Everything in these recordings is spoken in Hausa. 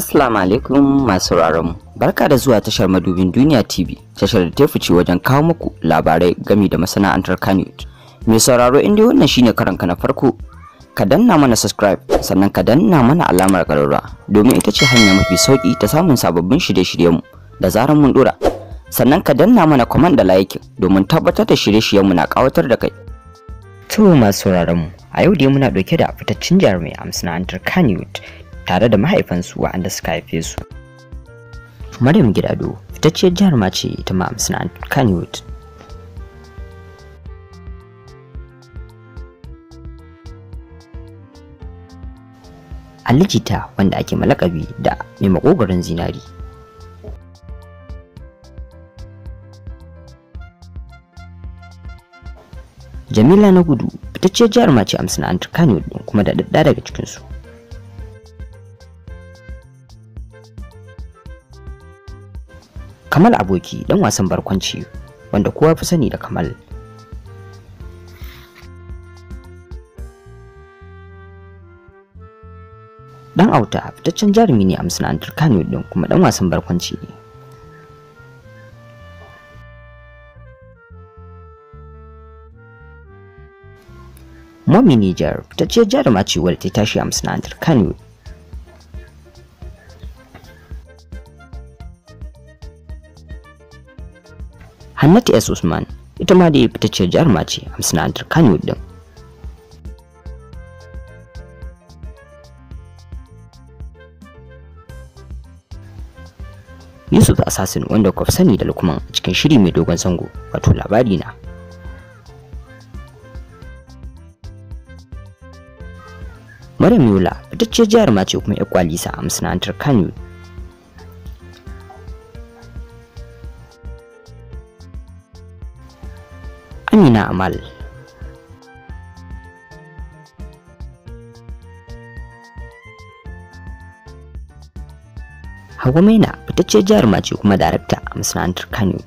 Assalamu alaikum masu mu. Barka da zuwa tashar madubin Duniya TV, tashar da ta fice wajen kawo muku labarai gami da masana'antar Kanut. Mai sauraro inda wannan shine karanka na farko, ka danna mana subscribe sannan ka danna mana alamar garura domin ita ce hanya mafi sauki ta samun sababbin shirye-shiryen mu da zarar mun dora. Sannan ka danna mana comment da like domin tabbatar da shirye-shiryen mu na kawatar da kai. To masu mu, a yau dai muna dauke da fitaccen jarumai a masana'antar Kanut tare da mahaifansu waɗanda suka haife su Maryam Gidado fitacciyar jihar mace ita ma masana'antar Kannywood Alijita wanda ake malakabi da mai makogarin zinari Jamila na gudu fitacciyar jihar mace a masana'antar kuma da daddada daga cikinsu Kamal aboki dan wasan barkwanci wanda kowa fi sani da Kamal. Dan auta fitaccen jarumi ne a masana'antar Kano din kuma dan wasan barkwanci ne. Mommy Niger fitacciyar jaruma ce wadda ta tashi a masana'antar Kano Hannatu S Usman ita ma da fitacciyar jaruma ce a masana'antar Kano din Yusuf Assassin wanda kwa sani da Lukman cikin shiri mai dogon zango wato labari na Maryam Yola fitacciyar jaruma ce kuma 'yar kwalisa a masana'antar Kano Amina Amal. Hauwa Maina fitacciyar jaruma kuma darakta a masana'antar Kano.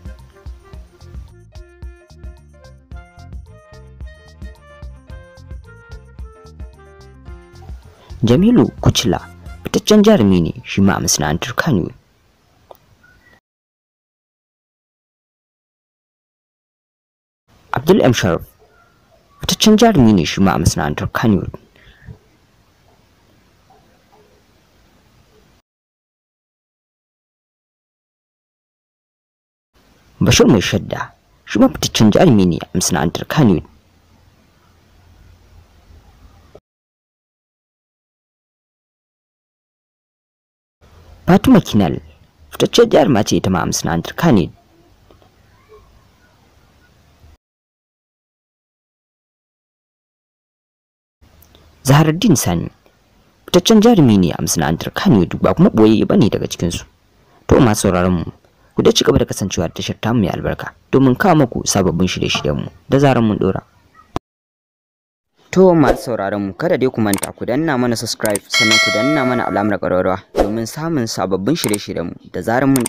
Jamilu Kucila fitaccen jarumi ne shi ma a masana'antar Kano. Abdul M Sharif fitaccen jarumi ne shi ma a masana'antar Kano. Bashir mai shadda shi ma fitaccen jarumi ne a masana'antar Kano. Fatima Kinal fitaccen jaruma ce ita ma a masana'antar Kano. Zaharuddin Sani fitaccen jarumi ne a masana'antar Kannywood ba kuma boye ne daga cikin su to ma sauraron mu ku da da kasancewa da tashar tamu mai albarka domin kawo muku sababbin shirye-shiryen mu da zaran mun dora to ma sauraron mu kada dai ku manta ku danna mana subscribe sannan ku danna mana alamar ƙararrawa domin samun sababbin shirye-shiryen mu da zaran mun